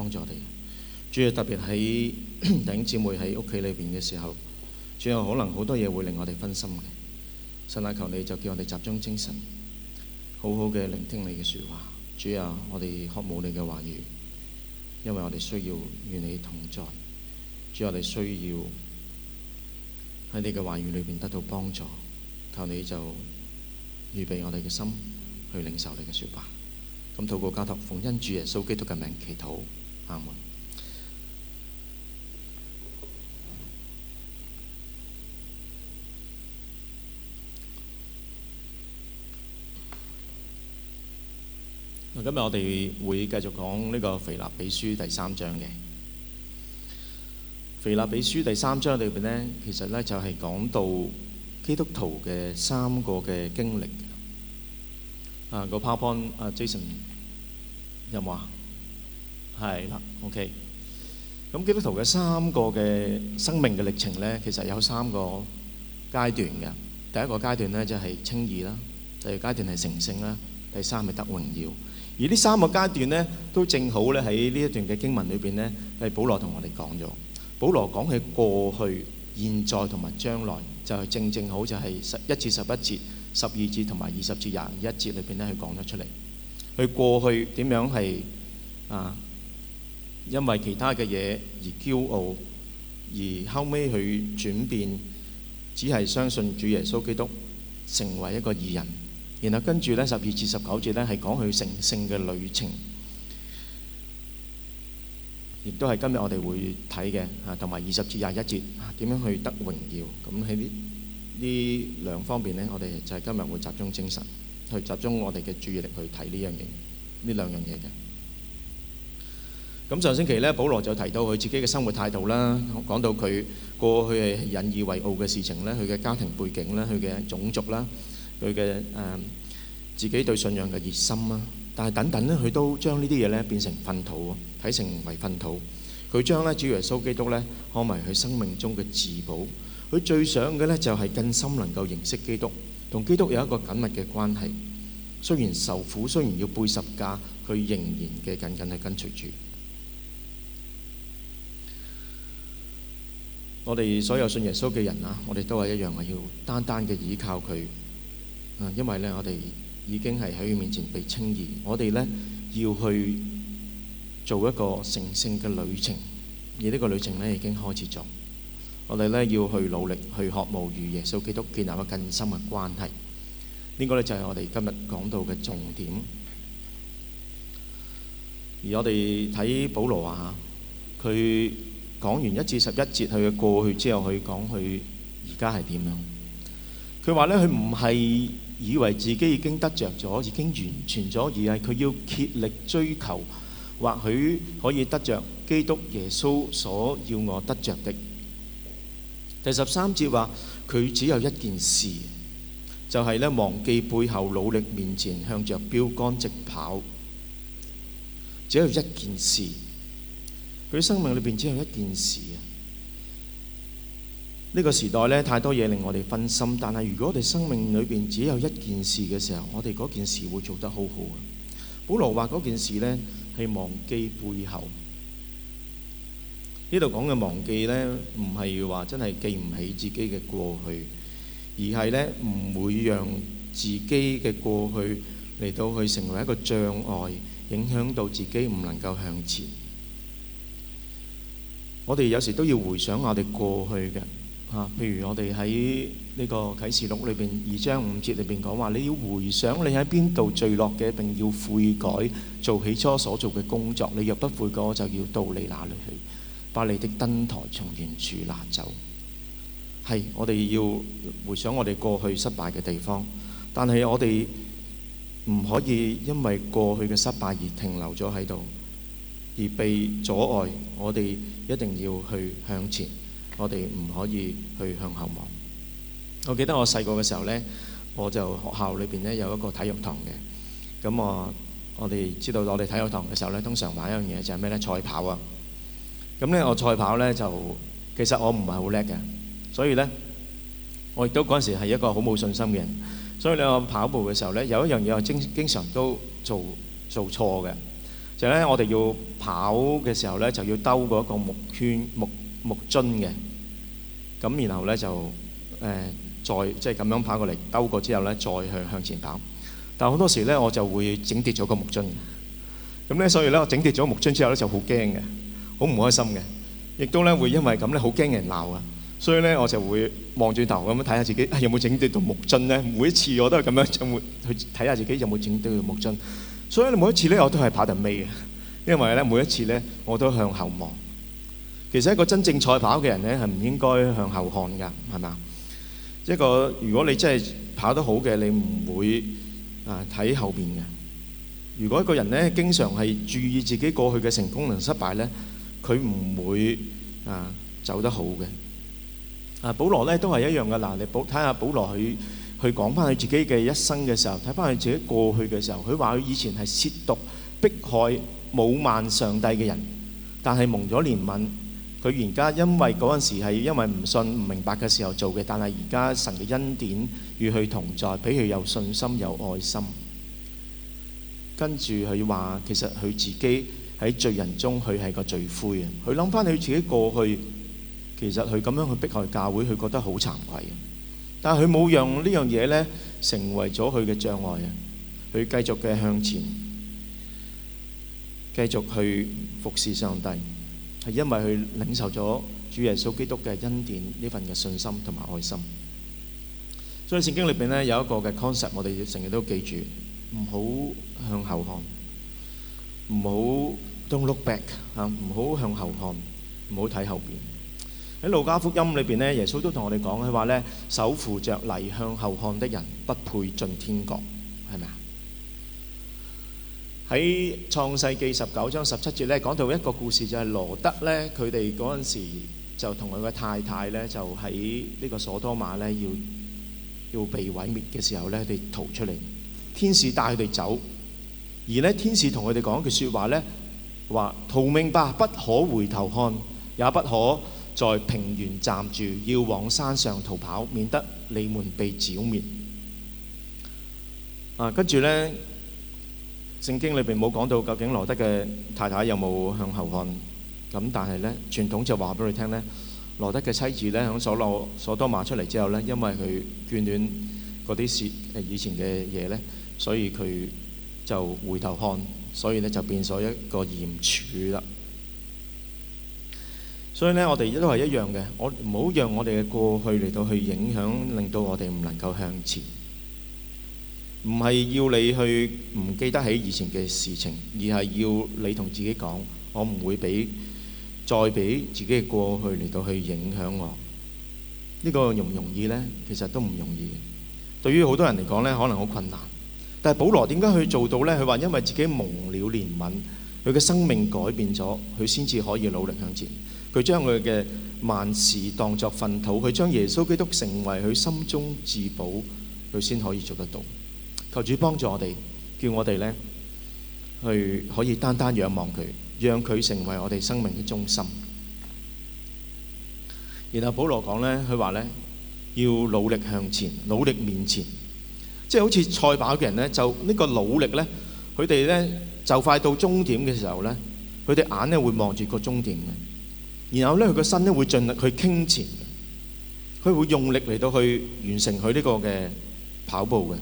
幫助我哋，主要特別喺弟兄姊妹喺屋企裏邊嘅時候，主要可能好多嘢會令我哋分心嘅。神啊，求你就叫我哋集中精神，好好嘅聆聽你嘅說話。主啊，我哋渴慕你嘅話語，因為我哋需要與你同在。主，我哋需要喺你嘅話語裏邊得到幫助。求你就預備我哋嘅心去領受你嘅說話。咁禱告，加託奉恩主耶穌基督嘅名祈禱。好。今日我哋會繼續講呢個《腓立比書》第三章嘅《腓立比書》第三章裏邊呢，其實呢就係講到基督徒嘅三個嘅經歷。啊，個 PowerPoint 啊，Jason 有冇啊？係啦，OK。咁基督徒嘅三個嘅生命嘅歷程咧，其實有三個階段嘅。第一個階段咧就係稱義啦，第二階段係成聖啦，第三係得榮耀。而呢三個階段咧，都正好咧喺呢一段嘅經文裏邊咧，係保羅同我哋講咗。保羅講起過去、現在同埋將來，就正正好就係十一至十一節、十二節同埋二十至廿一節裏邊咧，佢講咗出嚟。佢過去點樣係啊？因為其他嘅嘢而驕傲，而後尾去轉變，只係相信主耶穌基督，成為一個義人。然後跟住呢，十二至十九節呢，係講佢成聖嘅旅程，亦都係今日我哋會睇嘅啊。同埋二十至廿一節，啊，點樣去得榮耀？咁喺呢呢兩方面呢，我哋就係今日會集中精神，去集中我哋嘅注意力去睇呢樣嘢，呢兩樣嘢嘅。咁上星期咧，保羅就提到佢自己嘅生活態度啦，講到佢過去引以為傲嘅事情咧，佢嘅家庭背景咧，佢嘅種族啦，佢嘅誒自己對信仰嘅熱心啦，但係等等呢，佢都將呢啲嘢咧變成糞土，睇成為糞土。佢將咧主耶穌基督咧看為佢生命中嘅自保。佢最想嘅咧就係更深能夠認識基督，同基督有一個緊密嘅關係。雖然受苦，雖然要背十架，佢仍然嘅緊緊去跟隨住。我哋所有信耶穌嘅人啊，我哋都係一樣，係要單單嘅倚靠佢。啊，因為咧，我哋已經係喺佢面前被稱義，我哋咧要去做一個成聖嘅旅程，而呢個旅程咧已經開始咗。我哋咧要去努力去渴慕與耶穌基督建立一個更深嘅關係。呢個咧就係我哋今日講到嘅重點。而我哋睇保羅啊，佢。講完一至十一節，佢嘅過去之後，佢講佢而家係點樣？佢話呢，佢唔係以為自己已經得着咗，已經完全咗，而係佢要竭力追求，或許可以得着基督耶穌所要我得着的。第十三節話，佢只有一件事，就係呢：忘記背後，努力面前，向着標杆直跑。只有一件事。佢生命裏邊只有一件事啊！呢個時代呢，太多嘢令我哋分心，但係如果我哋生命裏邊只有一件事嘅時候，我哋嗰件事會做得好好啊！保羅話嗰件事呢，係忘記背後。呢度講嘅忘記呢，唔係話真係記唔起自己嘅過去，而係呢，唔會讓自己嘅過去嚟到去成為一個障礙，影響到自己唔能夠向前。我哋有時都要回想我哋過去嘅，嚇、啊，譬如我哋喺呢個啟示錄裏邊二章五節裏邊講話，你要回想你喺邊度墜落嘅，並要悔改做起初所做嘅工作。你若不悔改，就要到你那裏去，把你的燈台從原處拿走。係，我哋要回想我哋過去失敗嘅地方，但係我哋唔可以因為過去嘅失敗而停留咗喺度，而被阻礙，我哋一定要去向前，我哋唔可以去向後望。我記得我細個嘅時候呢，我就學校裏邊呢有一個體育堂嘅，咁啊，我哋知道我哋體育堂嘅時候呢，通常玩一樣嘢就係咩呢？賽跑啊，咁呢我賽跑呢，就其實我唔係好叻嘅，所以呢，我亦都嗰陣時係一個好冇信心嘅人，所以呢，我跑步嘅時候呢，有一樣嘢我經經常都做做錯嘅。就咧，我哋要跑嘅時候咧，就要兜過一個木圈、木木樽嘅。咁然後咧就誒再即係咁樣跑過嚟，兜過之後咧再去向前跑。但係好多時咧，我就會整跌咗個木樽嘅。咁咧，所以咧，我整跌咗木樽之後咧，就好驚嘅，好唔開心嘅。亦都咧會因為咁咧，好驚人鬧啊。所以咧，我就會望轉頭咁樣睇下自己，有冇整跌到木樽咧？每一次我都係咁樣就去睇下自己有冇整跌到木樽。所以你每一次咧，我都係跑得尾嘅，因為咧，每一次咧，我都向後望。其實一個真正賽跑嘅人咧，係唔應該向後看㗎，係嘛？一個如果你真係跑得好嘅，你唔會啊睇後邊嘅。如果一個人咧經常係注意自己過去嘅成功同失敗咧，佢唔會啊走得好嘅。啊，保羅咧都係一樣嘅嗱，你保睇下保羅佢。佢講翻佢自己嘅一生嘅時候，睇翻佢自己過去嘅時候，佢話佢以前係褻瀆、迫害、侮慢上帝嘅人，但係蒙咗憐憫。佢而家因為嗰陣時係因為唔信、唔明白嘅時候做嘅，但係而家神嘅恩典與佢同在，譬如有信心、有愛心。跟住佢話，其實佢自己喺罪人中，佢係個罪魁啊！佢諗翻佢自己過去，其實佢咁樣去迫害教會，佢覺得好慚愧啊！但係佢冇讓呢樣嘢咧，成為咗佢嘅障礙啊！佢繼續嘅向前，繼續去服侍上帝，係因為佢領受咗主耶穌基督嘅恩典，呢份嘅信心同埋愛心。所以聖經裏邊咧，有一個嘅 concept，我哋成日都記住，唔好向後看，唔好 don't look back 啊！唔好向後看，唔好睇後邊。喺《路加福音》裏面裏邊咧，耶穌都同我哋講，佢話咧，手扶著犁向後看的人不配進天國。係咪啊？喺《創世記》十九章十七節呢，講到一個故事，就係、是、羅德呢，佢哋嗰陣時就同佢個太太呢，就喺呢個所多瑪呢，要要被毀滅嘅時候呢，佢哋逃出嚟，天使帶佢哋走，而呢，天使同佢哋講一句説話呢，話逃命吧，不可回頭看，也不可。在平原站住，要往山上逃跑，免得你們被剿滅。啊，跟住咧，聖經裏邊冇講到究竟羅德嘅太太有冇向後看。咁但係咧，傳統就話俾佢聽咧，羅德嘅妻子咧響所羅所多瑪出嚟之後咧，因為佢眷戀嗰啲事誒以前嘅嘢咧，所以佢就回頭看，所以咧就變咗一個鹽柱啦。所以呢，我哋都係一樣嘅。我唔好讓我哋嘅過去嚟到去影響，令到我哋唔能夠向前。唔係要你去唔記得起以前嘅事情，而係要你同自己講：我唔會俾再俾自己嘅過去嚟到去影響我。呢個容唔容易呢？其實都唔容易。對於好多人嚟講呢，可能好困難。但係保羅點解去做到呢？佢話因為自己蒙了憐憫，佢嘅生命改變咗，佢先至可以努力向前。佢將佢嘅萬事當作糞土，佢將耶穌基督成為佢心中至寶，佢先可以做得到。求主幫助我哋，叫我哋呢，去可以單單仰望佢，讓佢成為我哋生命嘅中心。然後呢，佢個身呢會盡力去傾前嘅，佢會用力嚟到去完成佢呢個嘅跑步嘅。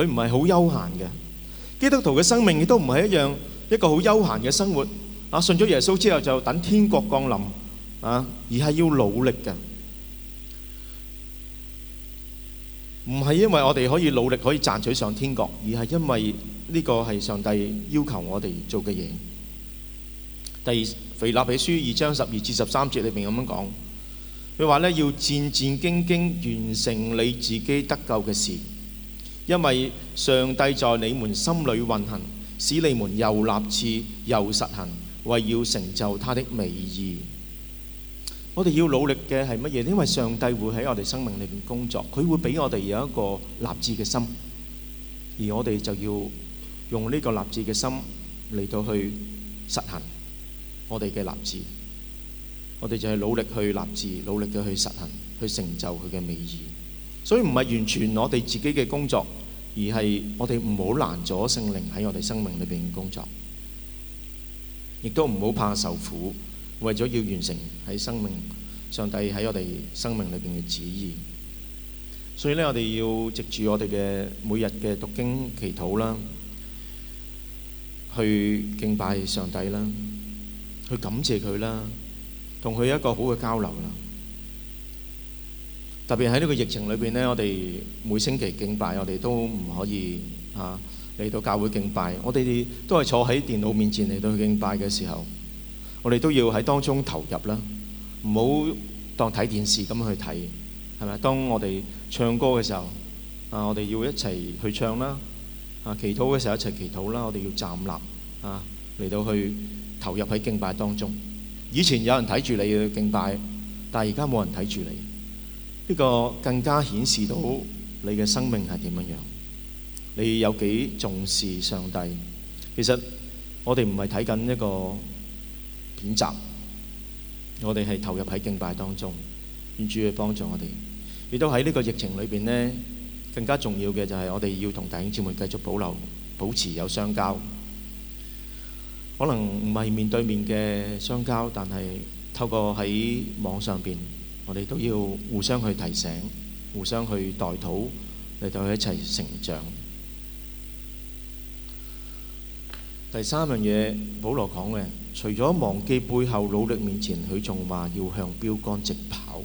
佢唔係好悠閒嘅。基督徒嘅生命亦都唔係一樣一個好悠閒嘅生活。啊，信咗耶穌之後就等天國降臨啊，而係要努力嘅。唔係因為我哋可以努力可以賺取上天國，而係因為呢個係上帝要求我哋做嘅嘢。第二，《腓立比書》二章十二至十三節裏面咁樣講，佢話呢，要戰戰兢兢完成你自己得救嘅事，因為上帝在你們心裡運行，使你們又立志又實行，為要成就他的美意。我哋要努力嘅係乜嘢？因為上帝會喺我哋生命裏面工作，佢會俾我哋有一個立志嘅心，而我哋就要用呢個立志嘅心嚟到去實行。我哋嘅立志，我哋就係努力去立志，努力嘅去實行，去成就佢嘅美意。所以唔係完全我哋自己嘅工作，而係我哋唔好攔阻聖靈喺我哋生命裏邊嘅工作，亦都唔好怕受苦，為咗要完成喺生命，上帝喺我哋生命裏邊嘅旨意。所以呢，我哋要藉住我哋嘅每日嘅讀經、祈禱啦，去敬拜上帝啦。去感謝佢啦，同佢一個好嘅交流啦。特別喺呢個疫情裏邊呢，我哋每星期敬拜，我哋都唔可以啊嚟到教會敬拜。我哋都係坐喺電腦面前嚟到去敬拜嘅時候，我哋都要喺當中投入啦，唔好當睇電視咁去睇，係咪？當我哋唱歌嘅時候啊，我哋要一齊去唱啦，啊祈禱嘅時候一齊祈禱啦，我哋要站立啊嚟到去，投入喺敬拜當中，以前有人睇住你嘅敬拜，但係而家冇人睇住你。呢、呢個更加顯示到你嘅生命係點樣樣，你有幾重視上帝。其實，我哋唔係睇緊一個片集，我哋係投入喺敬拜當中，願主去幫助我哋。亦都喺呢個疫情裏邊咧，更加重要嘅就係我哋要同弟兄姊妹繼續保留、保持有相交。可能唔係面對面嘅相交，但係透過喺網上邊，我哋都要互相去提醒，互相去代禱，嚟同佢一齊成長。第三樣嘢，保羅講嘅，除咗忘記背後努力面前，佢仲話要向標竿直跑，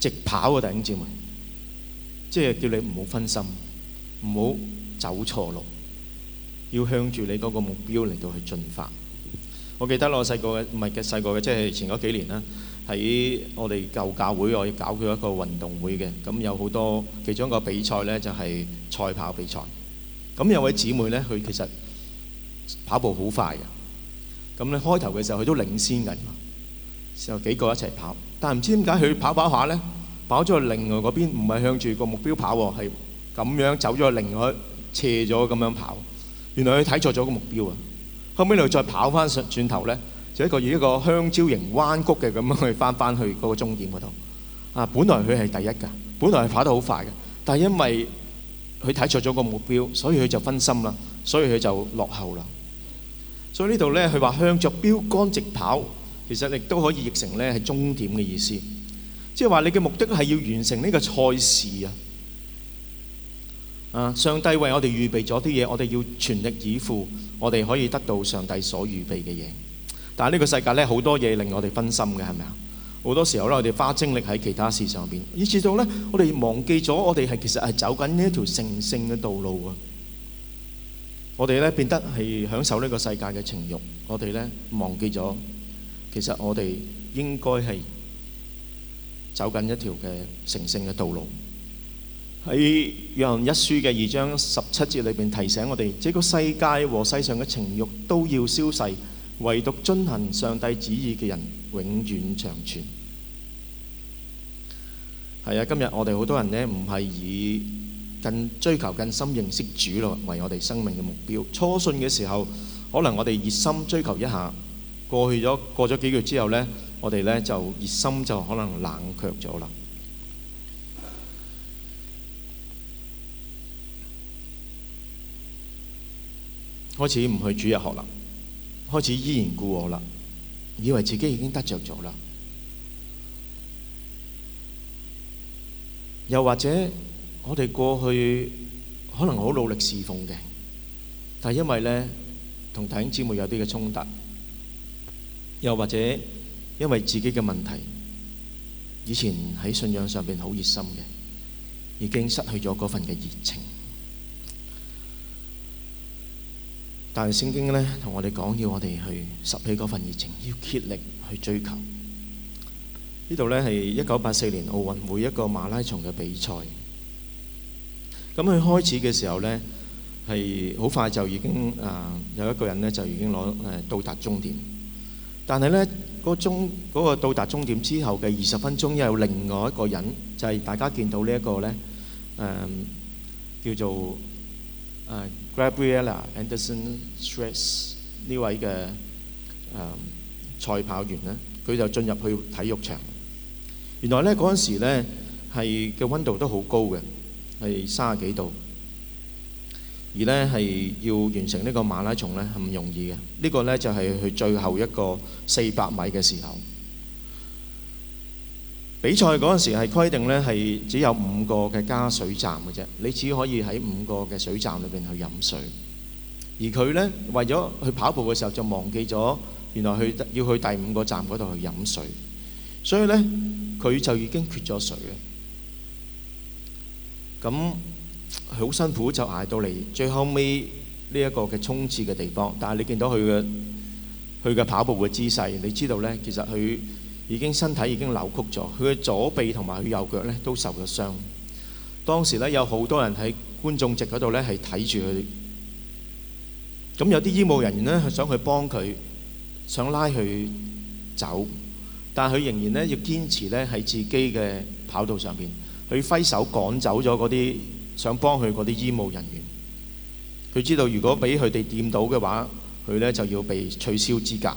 直跑嘅頂尖，即係叫你唔好分心，唔好走錯路。要向住你嗰個目標嚟到去進發。我記得我細個嘅唔係嘅細個嘅，即係前嗰幾年啦。喺我哋舊教會，我要搞佢一個運動會嘅，咁有好多其中一個比賽咧就係賽跑比賽。咁有位姊妹咧，佢其實跑步好快呀。咁咧開頭嘅時候，佢都領先㗎，就幾個一齊跑，但係唔知點解佢跑跑下咧，跑咗去另外嗰邊，唔係向住個目標跑喎，係咁樣走咗去另外斜咗咁樣跑。原來佢睇錯咗個目標啊！後尾佢再跑翻轉頭咧，就一個以一個香蕉形彎曲嘅咁樣去翻翻去嗰個終點嗰度。啊，本來佢係第一㗎，本來係跑得好快㗎，但係因為佢睇錯咗個目標，所以佢就分心啦，所以佢就落後啦。所以呢度咧，佢話向着標杆直跑，其實亦都可以譯成咧係終點嘅意思，即係話你嘅目的係要完成呢個賽事啊。啊！上帝為我哋預備咗啲嘢，我哋要全力以赴，我哋可以得到上帝所預備嘅嘢。但係呢個世界咧，好多嘢令我哋分心嘅係咪啊？好多時候咧，我哋花精力喺其他事上邊，以至到咧，我哋忘記咗我哋係其實係走緊呢一條成聖嘅道路啊！我哋咧，變得係享受呢個世界嘅情慾，我哋咧，忘記咗其實我哋應該係走緊一條嘅成聖嘅道路。喺《約翰一書》嘅二章十七節裏邊提醒我哋：這個世界和世上嘅情慾都要消逝，唯獨遵行上帝旨意嘅人永遠長存。係啊，今日我哋好多人呢，唔係以更追求更深認識主咯，為我哋生命嘅目標。初信嘅時候，可能我哋熱心追求一下，過去咗過咗幾個月之後呢，我哋呢就熱心就可能冷卻咗啦。開始唔去主日學啦，開始依然故我啦，以為自己已經得着咗啦。又或者我哋過去可能好努力侍奉嘅，但係因為呢同弟兄姊妹有啲嘅衝突，又或者因為自己嘅問題，以前喺信仰上面好熱心嘅，已經失去咗嗰份嘅熱情。但係聖經咧，同我哋講要我哋去拾起嗰份熱情，要竭力去追求。呢度呢係一九八四年奧運會一個馬拉松嘅比賽。咁佢開始嘅時候呢，係好快就已經啊、呃、有一個人呢就已經攞誒到達終、呃、點。但係呢嗰終嗰個到達終點之後嘅二十分鐘，又有另外一個人就係、是、大家見到呢一個呢，誒、呃、叫做。啊，Gabriela Andersen-Schiess 呢位嘅誒賽跑員呢，佢就進入去體育場。原來呢嗰陣時呢係嘅溫度都好高嘅，係三十幾度。而呢係要完成呢個馬拉松呢係唔容易嘅，呢個呢就係佢最後一個四百米嘅時候。比賽嗰陣時係規定呢，係只有五個嘅加水站嘅啫，你只可以喺五個嘅水站裏邊去飲水。而佢呢，為咗去跑步嘅時候，就忘記咗原來去要去第五個站嗰度去飲水，所以呢，佢就已經缺咗水嘅。咁好辛苦就捱到嚟最後尾呢一個嘅衝刺嘅地方，但係你見到佢嘅佢嘅跑步嘅姿勢，你知道呢，其實佢。已經身體已經扭曲咗，佢嘅左臂同埋佢右腳咧都受咗傷。當時咧有好多人喺觀眾席嗰度咧係睇住佢。咁有啲醫務人員咧係想去幫佢，想拉佢走，但佢仍然咧要堅持咧喺自己嘅跑道上邊。佢揮手趕走咗嗰啲想幫佢嗰啲醫務人員。佢知道如果俾佢哋掂到嘅話，佢咧就要被取消資格。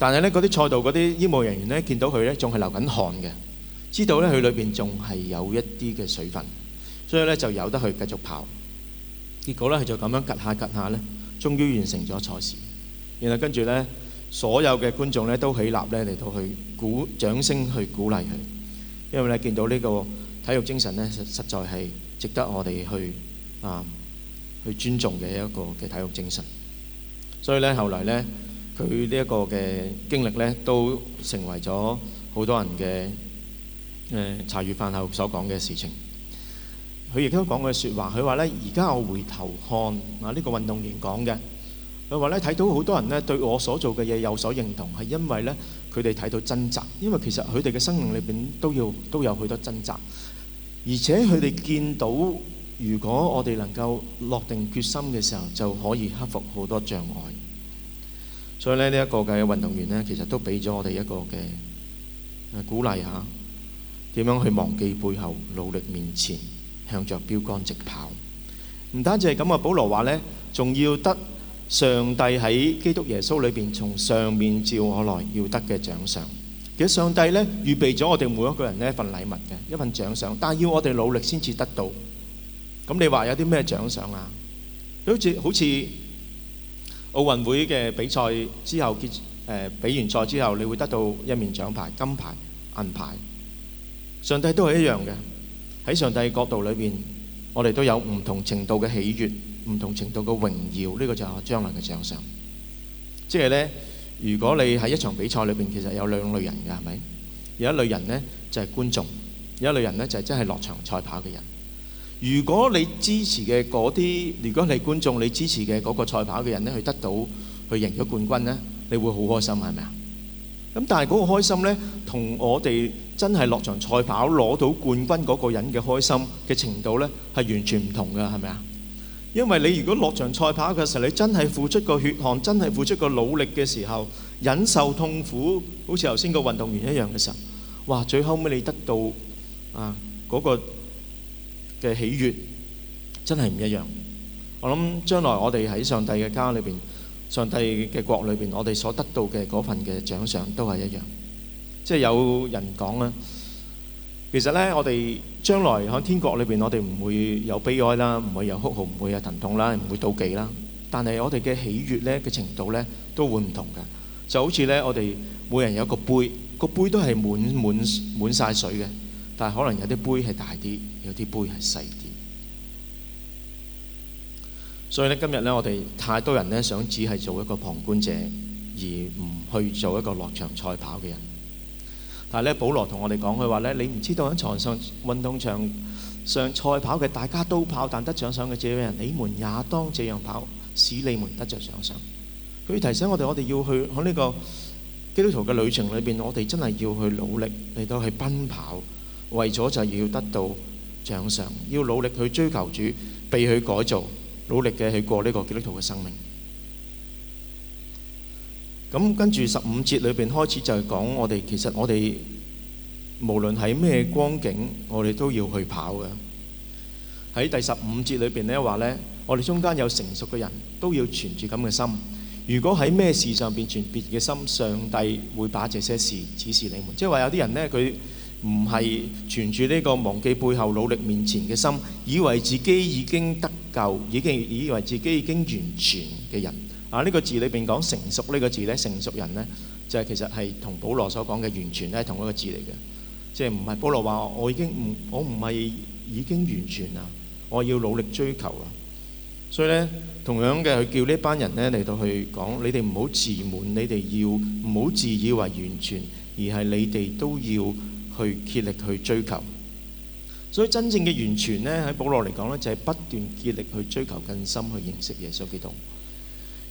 但係咧，嗰啲賽道嗰啲醫務人員咧，見到佢咧，仲係流緊汗嘅，知道咧佢裏邊仲係有一啲嘅水分，所以咧就由得佢繼續跑。結果咧，佢就咁樣趌下趌下咧，終於完成咗賽事。然後跟住咧，所有嘅觀眾咧都起立咧嚟到去鼓掌聲去鼓勵佢，因為咧見到呢個體育精神咧實實在係值得我哋去啊去尊重嘅一個嘅體育精神。所以咧，後來咧。佢呢一個嘅經歷咧，都成為咗好多人嘅誒茶餘飯後所講嘅事情。佢亦都講過説話，佢話咧：而家我回頭看啊，呢個運動員講嘅，佢話咧睇到好多人咧對我所做嘅嘢有所認同，係因為咧佢哋睇到掙扎，因為其實佢哋嘅生命裏邊都要都有許多掙扎，而且佢哋見到如果我哋能夠落定決心嘅時候，就可以克服好多障礙。所以咧呢一個嘅運動員咧，其實都俾咗我哋一個嘅鼓勵吓，點樣去忘記背後，努力面前，向着標杆直跑。唔單止係咁啊，保羅話咧，仲要得上帝喺基督耶穌裏邊，從上面召我來，要得嘅獎賞。其實上帝咧預備咗我哋每一個人咧一份禮物嘅，一份獎賞，但係要我哋努力先至得到。咁你話有啲咩獎賞啊？好似好似。奧運會嘅比賽之後結誒、呃、比完賽之後，你會得到一面獎牌，金牌、銀牌。上帝都係一樣嘅，喺上帝角度裏邊，我哋都有唔同程度嘅喜悅、唔同程度嘅榮耀。呢、這個就係我將來嘅獎賞。即係咧，如果你喺一場比賽裏邊，其實有兩類人嘅，係咪？有一類人呢，就係、是、觀眾，有一類人呢，就係、是、真係落場賽跑嘅人。如果你支持嘅嗰啲，如果你觀眾你支持嘅嗰個賽跑嘅人呢，佢得到佢贏咗冠軍呢，你會好開心係咪啊？咁但係嗰個開心呢，同我哋真係落場賽跑攞到冠軍嗰個人嘅開心嘅程度呢，係完全唔同㗎係咪啊？因為你如果落場賽跑嘅時候，你真係付出個血汗，真係付出個努力嘅時候，忍受痛苦，好似頭先個運動員一樣嘅時候，哇！最後尾你得到啊嗰個嘅喜悅真係唔一樣。我諗將來我哋喺上帝嘅家裏邊、上帝嘅國裏邊，我哋所得到嘅嗰份嘅獎賞都係一樣。即係有人講呀，其實咧我哋將來喺天國裏邊，我哋唔會有悲哀啦，唔會有哭號，唔會有疼痛啦，唔會妒忌啦。但係我哋嘅喜悅咧嘅程度咧都會唔同嘅。就好似咧我哋每人有一個杯，個杯都係滿滿滿曬水嘅。但係可能有啲杯係大啲，有啲杯係細啲。所以咧，今日呢，我哋太多人呢，想只係做一個旁觀者，而唔去做一個落場賽跑嘅人。但係咧，保羅同我哋講，佢話咧：你唔知道喺場上運動場上賽跑嘅大家都跑，但得獎賞嘅這位人，你們也當這樣跑，使你們得着獎賞。佢提醒我哋，我哋要去喺呢個基督徒嘅旅程裏邊，我哋真係要去努力嚟到去奔跑。為咗就要得到獎賞，要努力去追求主，被佢改造，努力嘅去過呢個基督徒嘅生命。咁跟住十五節裏邊開始就係講我哋，其實我哋無論喺咩光景，我哋都要去跑嘅。喺第十五節裏邊呢話呢，我哋中間有成熟嘅人都要存住咁嘅心。如果喺咩事上邊存別嘅心，上帝會把這些事指示你們。即係話有啲人呢，佢。唔係存住呢個忘記背後努力面前嘅心，以為自己已經得救，已經以為自己已經完全嘅人啊。呢個字裏邊講成熟呢個字咧，成熟人呢，就係其實係同保羅所講嘅完全咧，同一個字嚟嘅。即係唔係保羅話我已經唔我唔係已經完全啦，我要努力追求啦。所以呢，同樣嘅去叫呢班人呢嚟到去講，你哋唔好自滿，你哋要唔好自以為完全，而係你哋都要。去竭力去追求，所以真正嘅完全呢，喺保羅嚟講呢就係不斷竭力去追求更深去認識耶穌基督。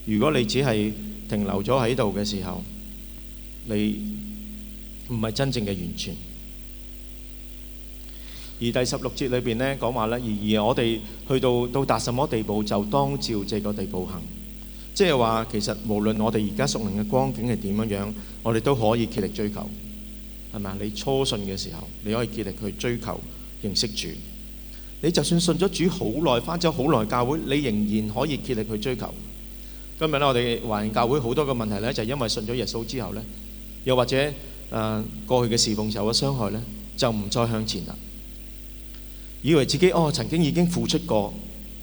如果你只係停留咗喺度嘅時候，你唔係真正嘅完全。而第十六節裏邊呢，講話呢，而而我哋去到到達什麼地步，就當照這個地步行。即係話，其實無論我哋而家所能嘅光景係點樣樣，我哋都可以竭力追求。係咪你初信嘅時候，你可以竭力去追求認識主。你就算信咗主好耐，翻咗好耐教會，你仍然可以竭力去追求。今日咧，我哋華人教會好多嘅問題呢，就因為信咗耶穌之後呢，又或者誒、呃、過去嘅事奉受咗傷害呢，就唔再向前啦。以為自己哦曾經已經付出過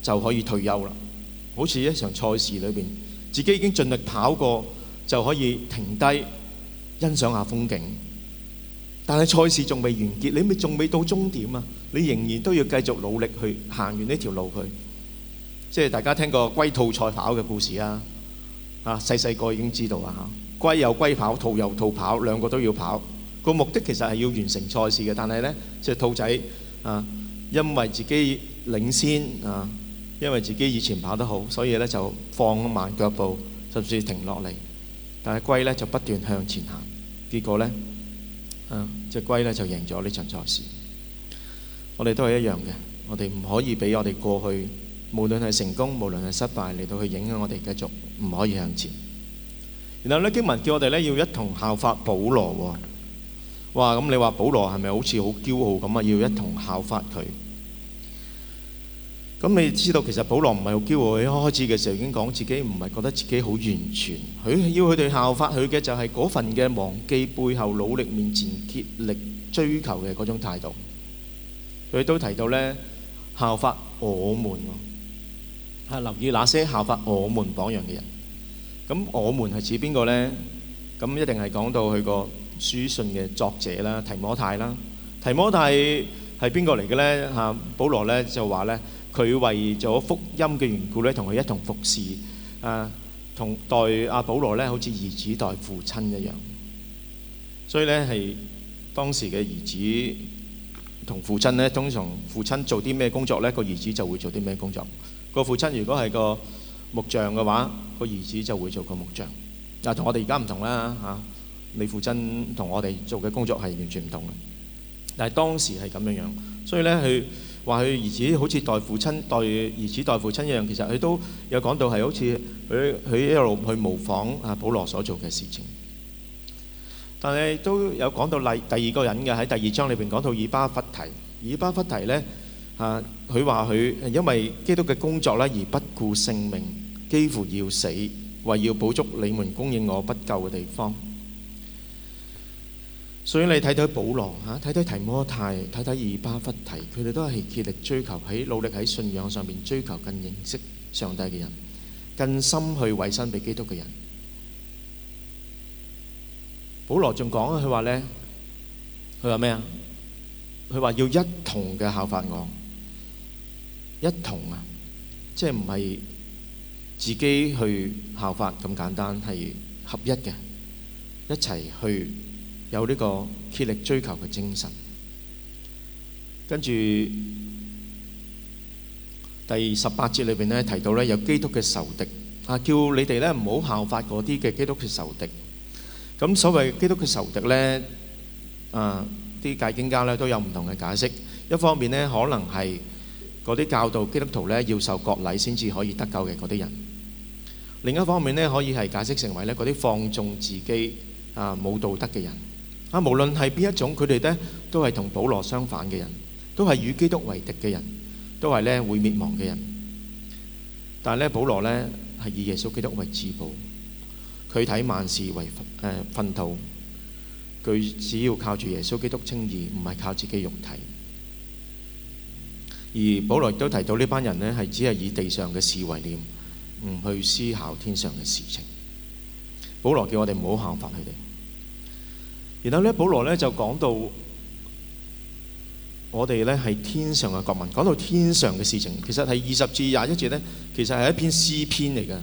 就可以退休啦，好似一場賽事裏邊，自己已經盡力跑過就可以停低欣賞下風景。但係賽事仲未完結，你咪仲未到終點啊！你仍然都要繼續努力去行完呢條路去。即係大家聽過龜兔賽跑嘅故事啊，啊細細個已經知道啊嚇。龜又龜跑，兔又兔跑，兩個都要跑。個目的其實係要完成賽事嘅，但係呢，隻兔仔啊，因為自己領先啊，因為自己以前跑得好，所以呢就放慢腳步，甚至停落嚟。但係龜呢就不斷向前行，結果呢～啊！隻龜呢就贏咗呢場賽事，我哋都係一樣嘅。我哋唔可以俾我哋過去，無論係成功，無論係失敗，嚟到去影響我哋繼續唔可以向前。然後呢，經文叫我哋呢要一同效法保羅喎。哇！咁你話保羅係咪好似好驕傲咁啊？要一同效法佢。咁你知道，其實保羅唔係好驕傲。佢一開始嘅時候已經講自己唔係覺得自己好完全。佢要佢哋效法佢嘅就係嗰份嘅忘記背後，努力面前，竭力追求嘅嗰種態度。佢都提到呢，效法我們，嚇，留意那些效法我們榜樣嘅人。咁我們係指邊個呢？咁一定係講到佢個書信嘅作者啦，提摩太啦。提摩太係邊個嚟嘅呢？嚇，保羅呢就話呢。佢為咗福音嘅緣故咧，同佢一同服侍啊，同代阿保羅咧，好似兒子代父親一樣。所以咧係當時嘅兒子同父親咧，通常父親做啲咩工作咧，個兒子就會做啲咩工作。個父親如果係個木匠嘅話，個兒子就會做個木匠。啊，同我哋而家唔同啦嚇。你父親同我哋做嘅工作係完全唔同嘅，但係當時係咁樣樣，所以咧佢。話佢兒子好似代父親代兒子代父親一樣，其實佢都有講到係好似佢佢一路去模仿啊保羅所做嘅事情。但係都有講到第第二個人嘅，喺第二章裏邊講到以巴弗提，以巴弗提咧啊，佢話佢因為基督嘅工作咧而不顧性命，幾乎要死，為要補足你們供應我不夠嘅地方。所以你睇睇保羅吓，睇睇提摩太，睇睇以巴弗提，佢哋都係竭力追求，喺努力喺信仰上邊追求更認識上帝嘅人，更深去委身俾基督嘅人。保羅仲講啊，佢話咧，佢話咩啊？佢話要一同嘅效法我，一同啊，即係唔係自己去效法咁簡單，係合一嘅，一齊去。有呢個竭力追求嘅精神，跟住第十八節裏邊咧提到咧，有基督嘅仇敵啊，叫你哋咧唔好效法嗰啲嘅基督嘅仇敵。咁所謂基督嘅仇敵咧，啊啲解經家咧都有唔同嘅解釋。一方面咧，可能係嗰啲教導基督徒咧要受割禮先至可以得救嘅嗰啲人；另一方面咧，可以係解釋成為咧嗰啲放縱自己啊冇道德嘅人。啊，無論係邊一種，佢哋咧都係同保羅相反嘅人，都係與基督為敵嘅人，都係咧會滅亡嘅人。但係咧保羅咧係以耶穌基督為至寶，佢睇萬事為誒、呃、奮鬥，佢只要靠住耶穌基督稱義，唔係靠自己肉體。而保羅亦都提到呢班人咧係只係以地上嘅事為念，唔去思考天上嘅事情。保羅叫我哋唔好效法佢哋。然後咧，保羅咧就講到我哋咧係天上嘅國民，講到天上嘅事情，其實係二十至廿一節咧，其實係一篇詩篇嚟嘅。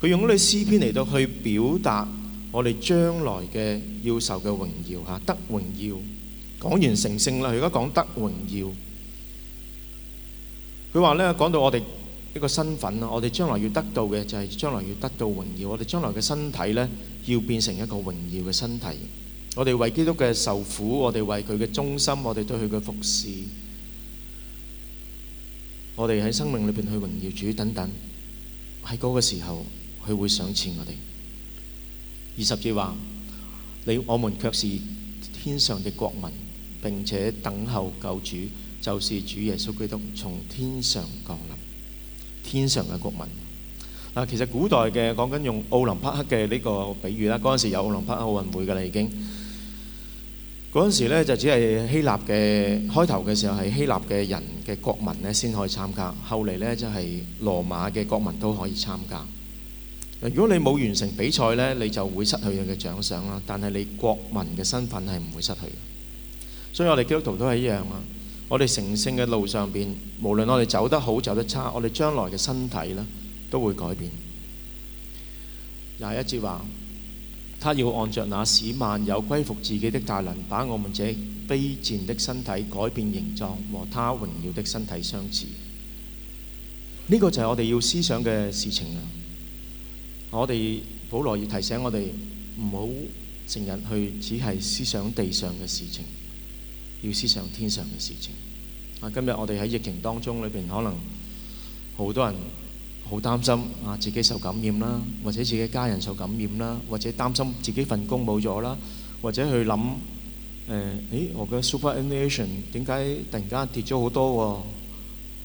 佢用嗰啲詩篇嚟到去表達我哋將來嘅要受嘅榮耀吓，得榮耀。講完成聖啦，而家講得榮耀。佢話咧，講到我哋一個身份啦，我哋將來要得到嘅就係將來要得到榮耀。我哋將來嘅身體咧要變成一個榮耀嘅身體。我哋為基督嘅受苦，我哋為佢嘅忠心，我哋對佢嘅服侍，我哋喺生命裏邊去榮耀主等等，喺嗰個時候佢會賞賜我哋。二十節話，你我們卻是天上嘅國民，並且等候救主，就是主耶穌基督從天上降臨。天上嘅國民，嗱，其實古代嘅講緊用奧林匹克嘅呢個比喻啦，嗰陣時有奧林匹克奧運會噶啦已經。嗰陣時咧就只係希臘嘅開頭嘅時候係希臘嘅人嘅國民咧先可以參加，後嚟咧就係羅馬嘅國民都可以參加。如果你冇完成比賽咧，你就會失去你嘅獎賞啦。但係你國民嘅身份係唔會失去嘅。所以我哋基督徒都係一樣啊！我哋成聖嘅路上邊，無論我哋走得好，走得差，我哋將來嘅身體咧都會改變。又係一節話。他要按着那使萬有歸服自己的大能，把我們這卑賤的身體改變形狀，和他榮耀的身體相似。呢個就係我哋要思想嘅事情啊！我哋保羅要提醒我哋，唔好成日去只係思想地上嘅事情，要思想天上嘅事情。啊，今日我哋喺疫情當中裏邊，可能好多人。好擔心啊！自己受感染啦，或者自己家人受感染啦，或者擔心自己份工冇咗啦，或者去諗，誒、咦、呃，我嘅 superannuation 點解突然間跌咗好多喎、啊？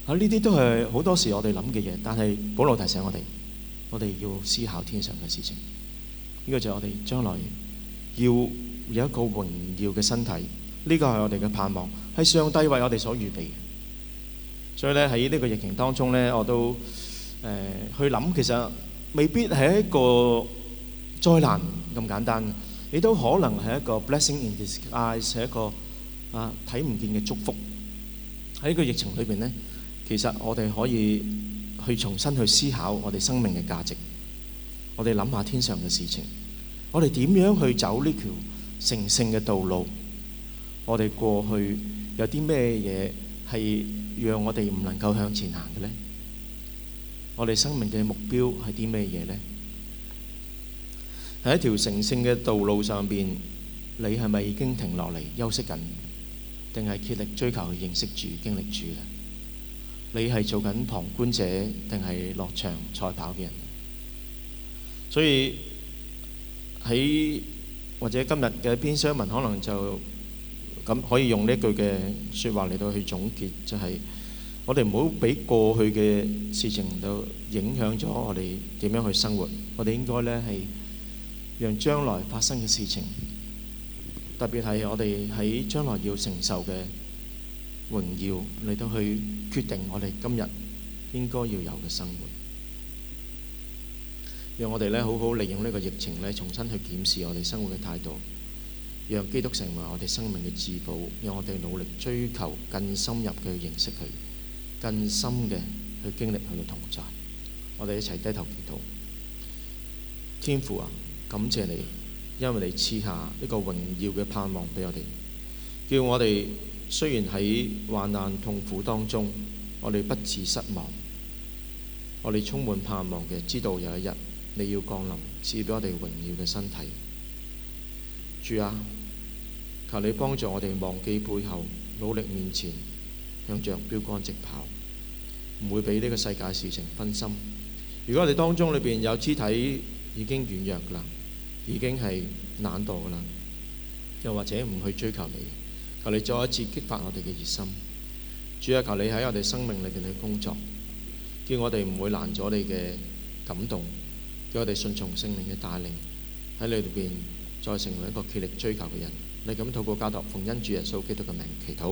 啊！呢啲都係好多時我哋諗嘅嘢，但係保羅提醒我哋，我哋要思考天上嘅事情。呢、這個就係我哋將來要有一個榮耀嘅身體，呢、這個係我哋嘅盼望，係上帝為我哋所預備嘅。所以咧，喺呢個疫情當中咧，我都。誒、呃、去諗，其實未必係一個災難咁簡單，亦都可能係一個 blessing in disguise，係一個啊睇唔見嘅祝福。喺呢個疫情裏邊呢，其實我哋可以去重新去思考我哋生命嘅價值。我哋諗下天上嘅事情，我哋點樣去走呢條成聖嘅道路？我哋過去有啲咩嘢係讓我哋唔能夠向前行嘅呢？我哋生命嘅目標係啲咩嘢呢？喺一條神聖嘅道路上邊，你係咪已經停落嚟休息緊，定係竭力追求認識主、經歷主嘅？你係做緊旁觀者，定係落場賽跑嘅人？所以喺或者今日嘅篇經文可能就咁可以用呢句嘅說話嚟到去總結，就係、是。我哋唔好俾過去嘅事情到影響咗我哋點樣去生活。我哋應該呢係讓將來發生嘅事情，特別係我哋喺將來要承受嘅榮耀嚟到去決定我哋今日應該要有嘅生活。讓我哋呢好好利用呢個疫情呢，重新去檢視我哋生活嘅態度，讓基督成為我哋生命嘅至寶，讓我哋努力追求更深入嘅認識佢。更深嘅去經歷佢嘅同在，我哋一齊低頭祈禱。天父啊，感謝你，因為你賜下一個榮耀嘅盼望俾我哋，叫我哋雖然喺患難痛苦當中，我哋不至失望，我哋充滿盼望嘅，知道有一日你要降臨，賜俾我哋榮耀嘅身體。主啊，求你幫助我哋忘記背後，努力面前。向着標杆直跑，唔會俾呢個世界事情分心。如果我哋當中裏邊有肢體已經軟弱啦，已經係懶惰啦，又或者唔去追求你，求你再一次激發我哋嘅熱心。主啊，求你喺我哋生命裏邊去工作，叫我哋唔會攔阻你嘅感動，叫我哋順從聖靈嘅帶領，喺你裏邊再成為一個竭力追求嘅人。你咁透過加徒奉恩主耶穌基督嘅名祈禱，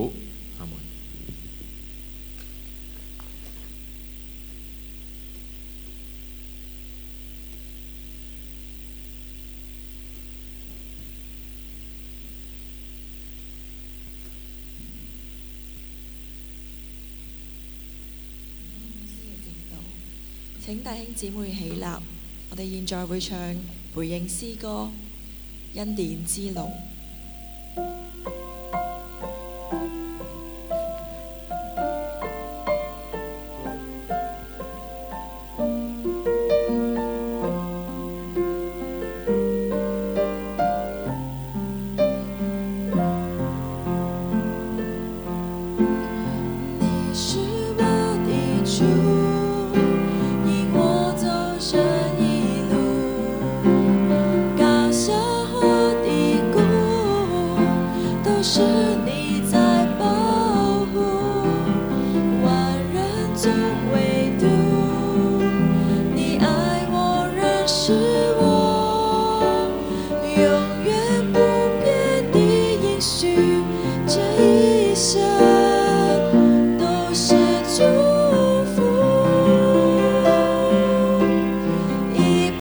阿門。姊妹起立，我哋現在會唱回應詩歌《恩典之路》。